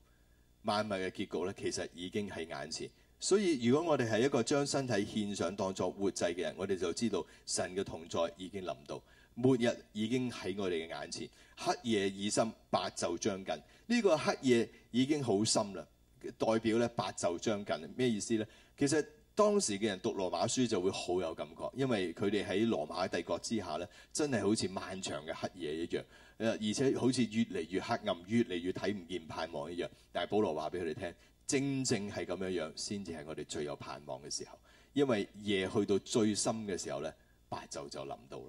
萬物嘅結局咧，其實已經係眼前。所以，如果我哋係一個將身體獻上當作活祭嘅人，我哋就知道神嘅同在已經臨到，末日已經喺我哋嘅眼前，黑夜已深，白晝將近。呢個黑夜已經好深啦，代表咧白晝將近。咩意思呢？其實當時嘅人讀羅馬書就會好有感覺，因為佢哋喺羅馬帝國之下咧，真係好似漫長嘅黑夜一樣，而且好似越嚟越黑暗，越嚟越睇唔見盼望一樣。但係，保羅話俾佢哋聽。正正係咁樣樣，先至係我哋最有盼望嘅時候。因為夜去到最深嘅時候呢，白晝就臨到啦。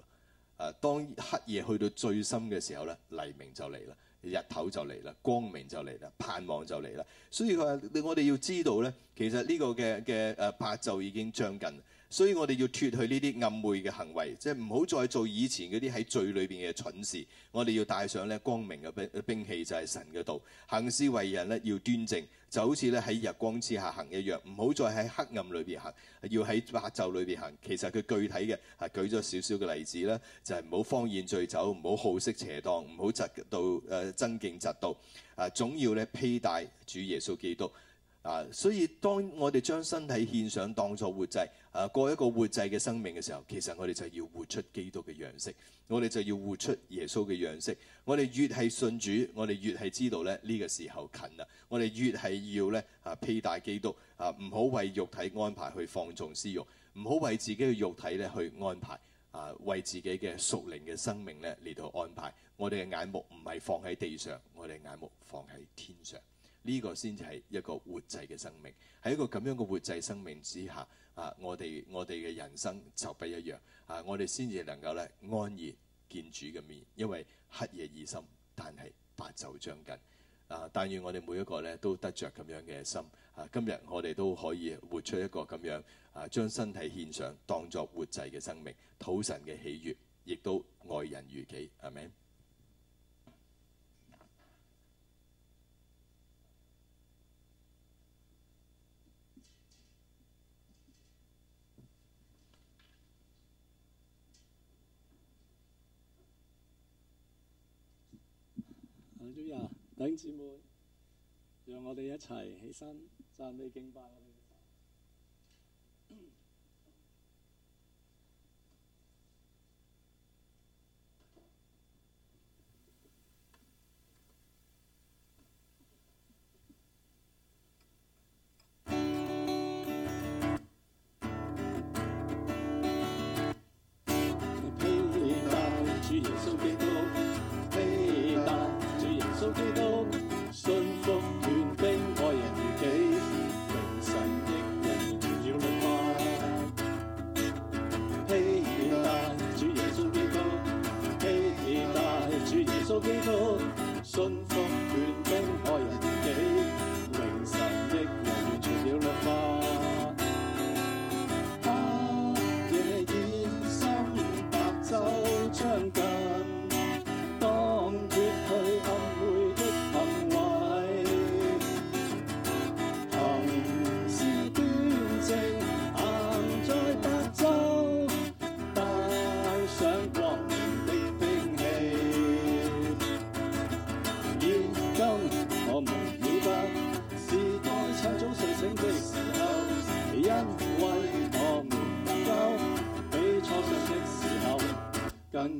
誒、啊，當黑夜去到最深嘅時候呢，黎明就嚟啦，日頭就嚟啦，光明就嚟啦，盼望就嚟啦。所以佢話，我哋要知道呢，其實呢個嘅嘅誒白晝已經將近。所以我哋要脫去呢啲暗昧嘅行為，即係唔好再做以前嗰啲喺罪裏邊嘅蠢事。我哋要帶上咧光明嘅兵兵器，就係神嘅道。行事為人咧要端正，就好似咧喺日光之下行一樣，唔好再喺黑暗裏邊行，要喺白晝裏邊行。其實佢具體嘅係、啊、舉咗少少嘅例子咧，就係唔好荒宴醉酒，唔好好色邪蕩，唔好嫉妒誒爭、呃、競嫉妒，啊總要咧披戴主耶穌基督。啊！所以當我哋將身體獻上當作活祭，啊過一個活祭嘅生命嘅時候，其實我哋就要活出基督嘅樣式，我哋就要活出耶穌嘅樣式。我哋越係信主，我哋越係知道咧呢個時候近啦。我哋越係要咧啊披戴基督啊，唔好為肉體安排去放縱私慾，唔好為自己嘅肉體咧去安排啊，為自己嘅屬靈嘅生命咧嚟到安排。我哋嘅眼目唔係放喺地上，我哋眼目放喺天上。呢個先至係一個活祭嘅生命，喺一個咁樣嘅活祭生命之下，啊，我哋我哋嘅人生就不一樣，啊，我哋先至能夠咧安然見主嘅面，因為黑夜已深，但係白晝將近，啊！但願我哋每一個咧都得着咁樣嘅心，啊，今日我哋都可以活出一個咁樣，啊，將身體獻上，當作活祭嘅生命，討神嘅喜悅，亦都愛人如己，阿們？弟兄姊妹，讓我哋一齊起身，讚美敬拜我哋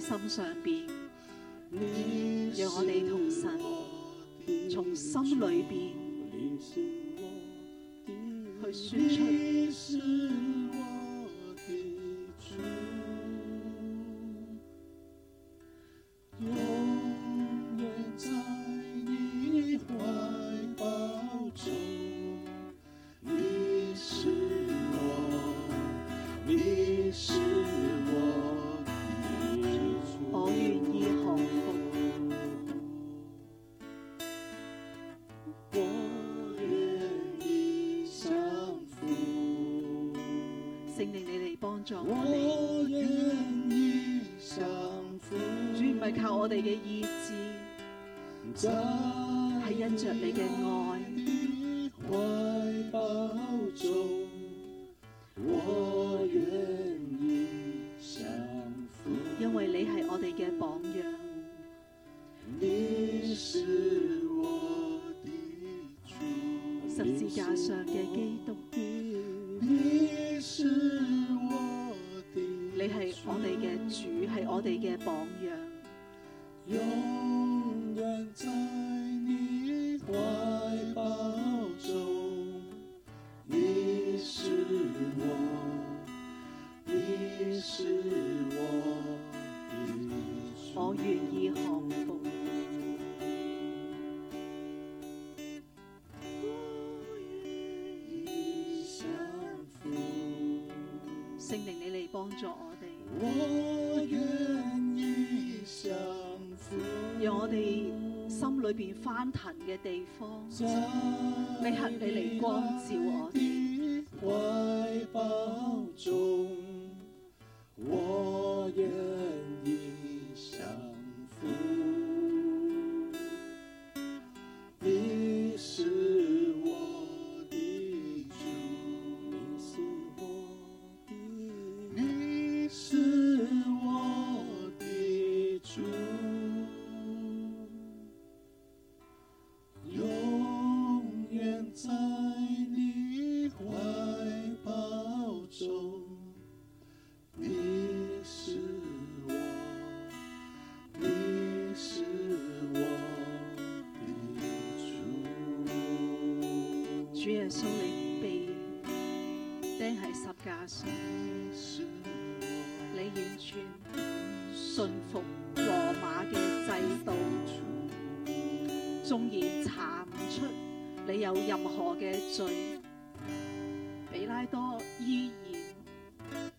心上邊。我願意相信主唔係靠我哋嘅意志，係因着你嘅愛。裏邊翻騰嘅地方，以你係你嚟光照我。有任何嘅罪，比拉多依然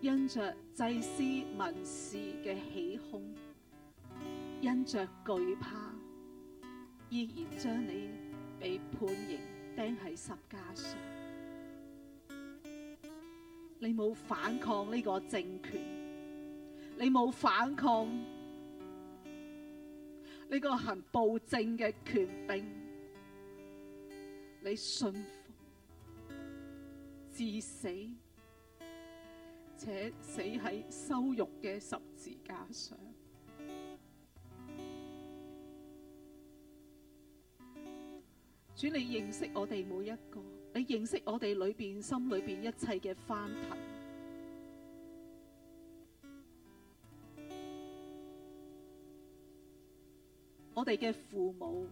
因着祭司、文士嘅起哄，因着懼怕，依然將你被判刑釘喺十字架上。你冇反抗呢個政權，你冇反抗呢個行暴政嘅權柄。你信服，至死，且死喺羞辱嘅十字架上。主，你認識我哋每一個，你認識我哋裏邊心裏邊一切嘅翻騰。我哋嘅父母，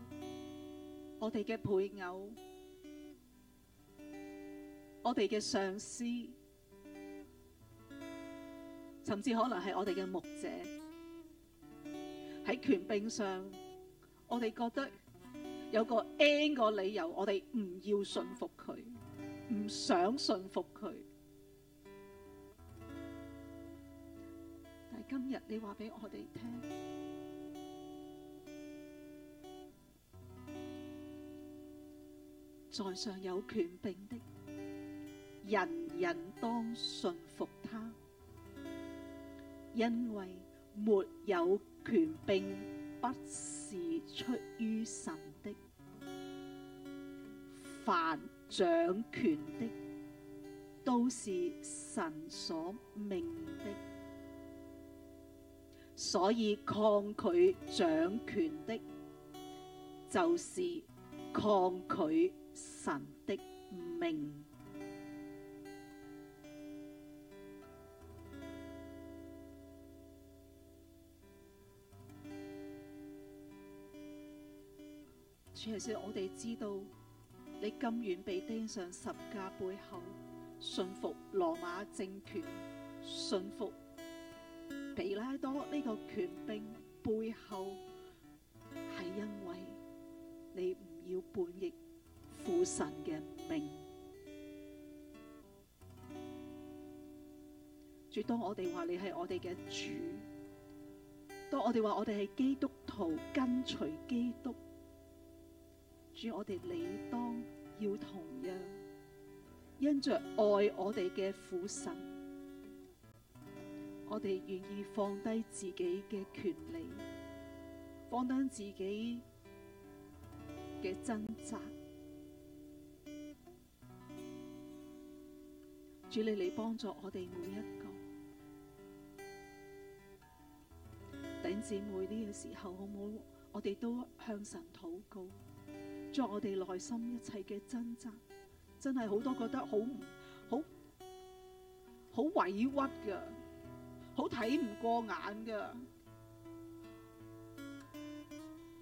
我哋嘅配偶。我哋嘅上司，甚至可能係我哋嘅牧者，喺權柄上，我哋覺得有個 N 個理由我，我哋唔要順服佢，唔想順服佢。但係今日你話俾我哋聽，在上有權柄的。人人當順服他，因為沒有權，並不是出於神的。凡掌權的，都是神所命的。所以抗拒掌權的，就是抗拒神的命。係，說我哋知道你甘願被釘上十架背後，信服羅馬政權，信服彼拉多呢個權柄背後，係因為你唔要叛逆父神嘅命。主，當我哋話你係我哋嘅主，當我哋話我哋係基督徒，跟隨基督。主，我哋理當要同樣，因着愛我哋嘅父神，我哋願意放低自己嘅權利，放低自己嘅掙扎。主你嚟幫助我哋每一個弟姊妹，呢個時候好唔好？我哋都向神禱告。作我哋內心一切嘅掙扎，真係好多覺得好，好好委屈嘅，好睇唔過眼嘅，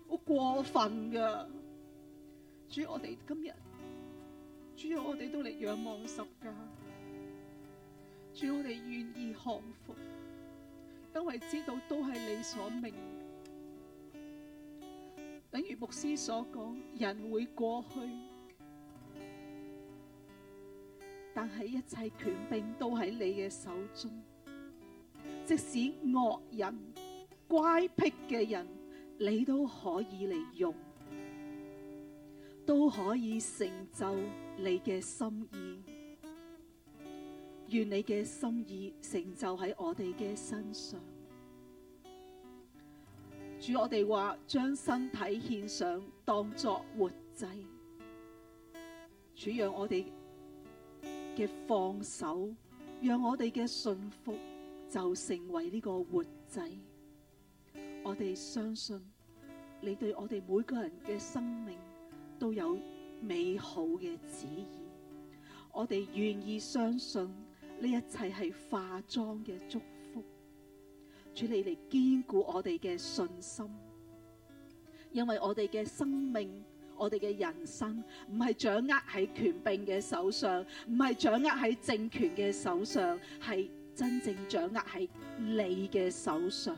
好過分嘅。主，我哋今日，主，我哋都嚟仰望十架。主，我哋願意降服，因為知道都係你所命。等於牧師所講，人會過去，但係一切權柄都喺你嘅手中。即使惡人、乖僻嘅人，你都可以嚟用，都可以成就你嘅心意。願你嘅心意成就喺我哋嘅身上。主，我哋話將身體獻上，當作活祭。主讓我哋嘅放手，讓我哋嘅信服就成為呢個活祭。我哋相信你對我哋每個人嘅生命都有美好嘅指引。我哋願意相信呢一切係化妝嘅祝福。主你嚟堅固我哋嘅信心，因為我哋嘅生命、我哋嘅人生唔係掌握喺權柄嘅手上，唔係掌握喺政權嘅手上，係真正掌握喺你嘅手上。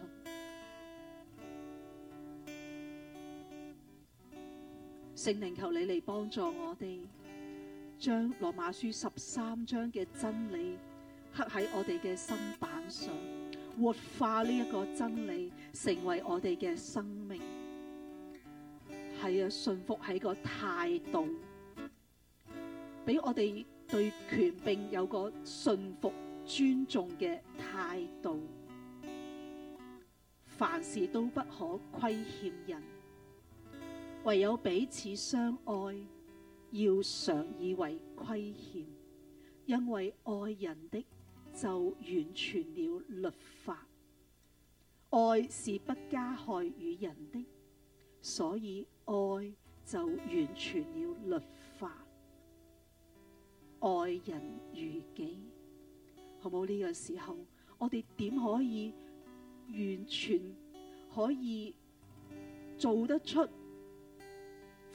聖靈，求你嚟幫助我哋，將羅馬書十三章嘅真理刻喺我哋嘅心板上。活化呢一個真理，成為我哋嘅生命，係啊，信服係個態度，俾我哋對權柄有個信服尊重嘅態度。凡事都不可虧欠人，唯有彼此相愛，要常以為虧欠，因為愛人的，就完全了律法，愛是不加害於人的，所以愛就完全了律法，愛人如己，好冇呢、這個時候，我哋點可以完全可以做得出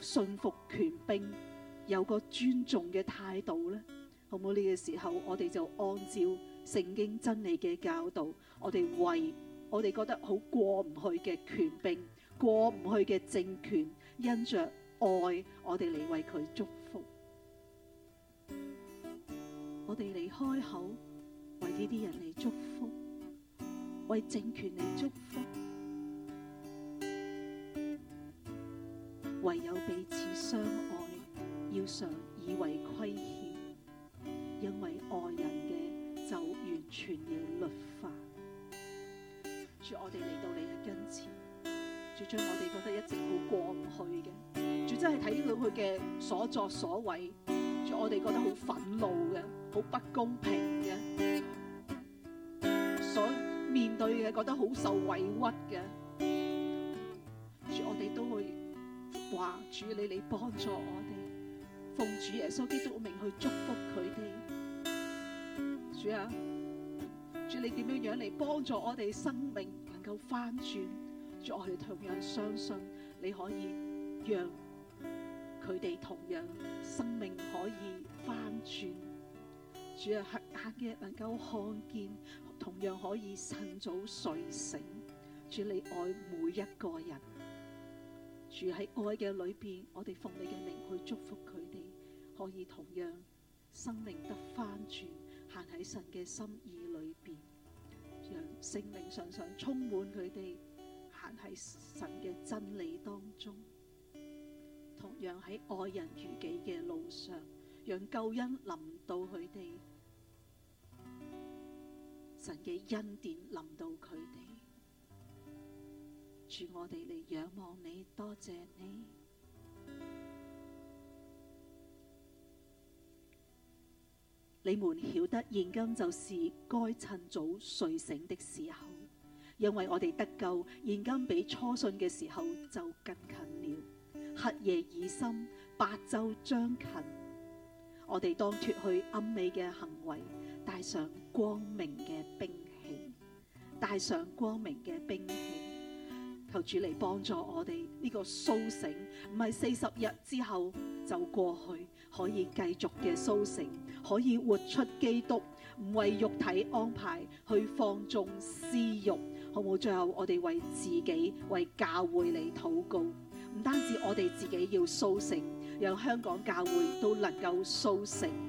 信服權柄，有個尊重嘅態度呢？好唔好呢嘅，這個時候，我哋就按照聖經真理嘅教導，我哋為我哋覺得好過唔去嘅權柄，過唔去嘅政權，因着愛，我哋嚟為佢祝福。我哋嚟開口，為呢啲人嚟祝福，為政權嚟祝福。唯有彼此相愛，要常以為虧欠。因為愛人嘅就完全要律法。主，我哋嚟到你嘅跟前，主將我哋覺得一直好過唔去嘅，主真係睇到佢嘅所作所為，主我哋覺得好憤怒嘅、好不公平嘅，所面對嘅覺得好受委屈嘅，主我哋都會話，主你嚟幫助我哋，奉主耶穌基督名去祝福佢哋。主啊，主你點樣樣嚟幫助我哋生命能夠翻轉？再、啊、我哋同樣相信你可以讓佢哋同樣生命可以翻轉。主啊，黑瞎嘅能夠看見，同樣可以趁早睡醒。主、啊、你愛每一個人，住喺、啊、愛嘅裏邊，我哋奉你嘅名去祝福佢哋，可以同樣生命得翻轉。行喺神嘅心意裏邊，讓聖靈常常充滿佢哋。行喺神嘅真理當中，同樣喺愛人如己嘅路上，讓救恩臨到佢哋，神嘅恩典臨到佢哋，主，我哋嚟仰望你，多謝你。你們曉得，現今就是該趁早睡醒的時候，因為我哋得救，現今比初信嘅時候就更近了。黑夜已深，白晝將近，我哋當脫去暗昧嘅行為，帶上光明嘅兵器，帶上光明嘅兵器。求主嚟幫助我哋呢、這個甦醒，唔係四十日之後就過去，可以繼續嘅甦醒，可以活出基督，唔為肉體安排去放縱私欲。好冇？最後我哋為自己、為教會嚟禱告，唔單止我哋自己要甦醒，讓香港教會都能夠甦醒。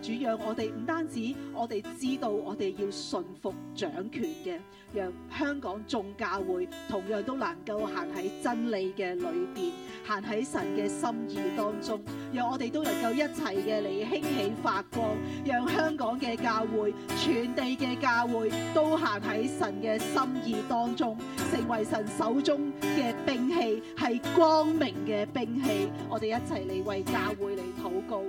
主讓我哋，唔單止我哋知道我哋要順服掌權嘅，讓香港眾教會同樣都能夠行喺真理嘅裏邊，行喺神嘅心意當中，讓我哋都能夠一齊嘅嚟興起發光，讓香港嘅教會、全地嘅教會都行喺神嘅心意當中，成為神手中嘅兵器，係光明嘅兵器。我哋一齊嚟為教會嚟禱告。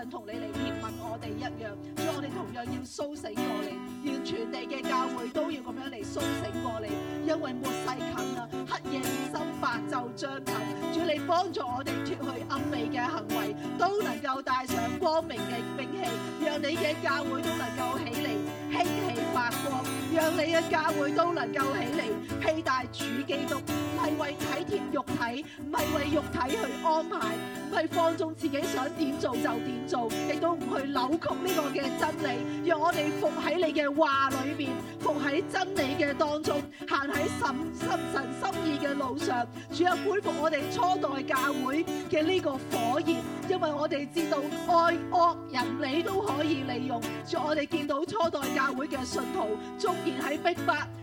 想同你來甜蜜，我哋一樣。 我哋同樣要蘇醒過嚟，完全地嘅教會都要咁樣嚟蘇醒過嚟，因為末世近啦，黑夜深，白晝就將近。主你幫助我哋脫去暗昧嘅行為，都能夠帶上光明嘅兵器，讓你嘅教會都能夠起嚟興起發光，讓你嘅教會都能夠起嚟披戴主基督，唔係為體貼肉體，唔係為肉體去安排，唔係放縱自己想點做就點做，亦都唔去扭曲呢個嘅真真理，讓我哋伏喺你嘅話裏邊，伏喺真理嘅當中，行喺神,神神神心意嘅路上。主啊，恢復我哋初代教會嘅呢個火焰，因為我哋知道愛惡人你都可以利用。讓我哋見到初代教會嘅信徒，縱然喺逼迫。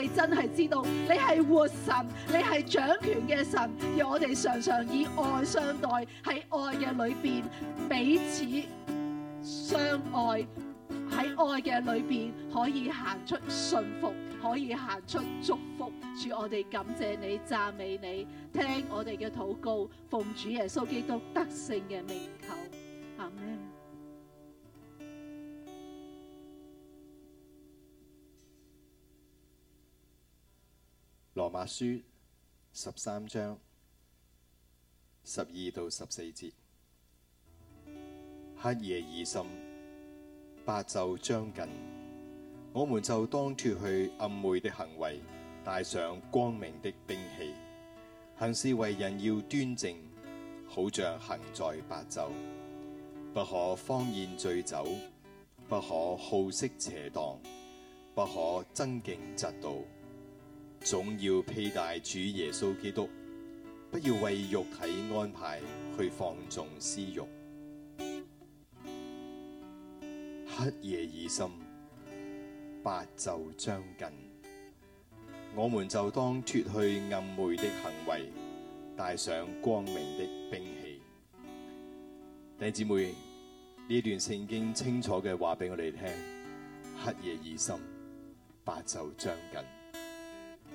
你真係知道，你係活神，你係掌權嘅神，要我哋常常以愛相待，喺愛嘅裏邊彼此相愛，喺愛嘅裏邊可以行出信服，可以行出祝福，主我哋感謝你，讚美你，聽我哋嘅禱告，奉主耶穌基督得勝嘅名求，阿們？羅馬書十三章十二到十四節：黑夜已深，白晝將近，我們就當脫去暗昧的行為，帶上光明的兵器。行事為人要端正，好像行在白晝；不可荒宴醉酒，不可好色邪蕩，不可爭競嫉妒。總要披戴主耶穌基督，不要為肉體安排去放縱私欲。黑夜已深，白晝將近，我們就當脫去暗昧的行為，帶上光明的兵器。弟兄姊妹，呢段聖經清楚嘅話俾我哋聽：黑夜已深，白晝將近。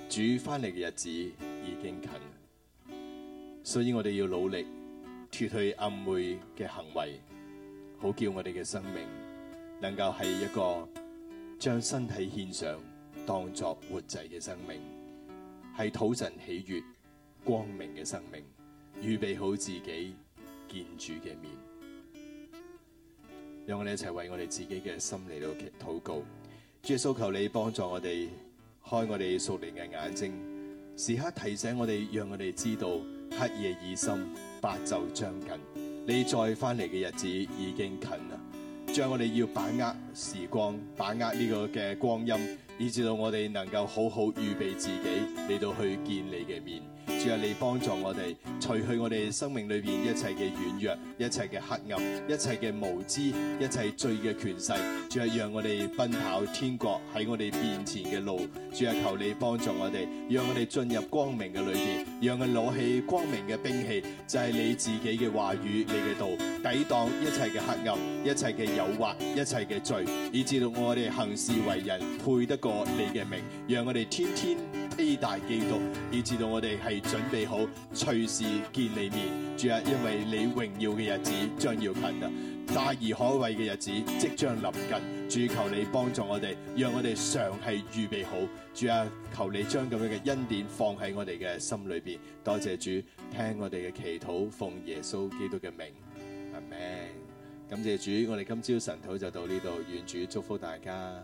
主翻嚟嘅日子已經近，所以我哋要努力脱去暗昧嘅行為，好叫我哋嘅生命能夠係一個將身體獻上，當作活祭嘅生命，係討神喜悅、光明嘅生命。預備好自己見主嘅面，讓我哋一齊為我哋自己嘅心嚟到禱告。主耶穌求你幫助我哋。開我哋屬靈嘅眼睛，時刻提醒我哋，讓我哋知道黑夜已深，白晝將近，你再翻嚟嘅日子已經近啦。將我哋要把握時光，把握呢個嘅光陰，以至到我哋能夠好好預備自己，嚟到去見你嘅面。主啊，你幫助我哋，除去我哋生命裏邊一切嘅軟弱，一切嘅黑暗，一切嘅無知，一切罪嘅權勢。主啊，讓我哋奔跑天國喺我哋面前嘅路。主啊，求你幫助我哋，讓我哋進入光明嘅裏邊，讓我哋攞起光明嘅兵器，就係、是、你自己嘅話語，你嘅道抵擋一切嘅黑暗，一切嘅誘惑，一切嘅罪，以至到我哋行事為人配得過你嘅名。讓我哋天天。呢大基督，以至到我哋係準備好，隨時見你面。主啊，因為你榮耀嘅日子將要近啊，大而可畏嘅日子即將臨近。主求你幫助我哋，讓我哋常係預備好。主啊，求你將咁樣嘅恩典放喺我哋嘅心裏邊。多謝主，聽我哋嘅祈禱，奉耶穌基督嘅名，阿門。感謝主，我哋今朝晨禱就到呢度，願主祝福大家。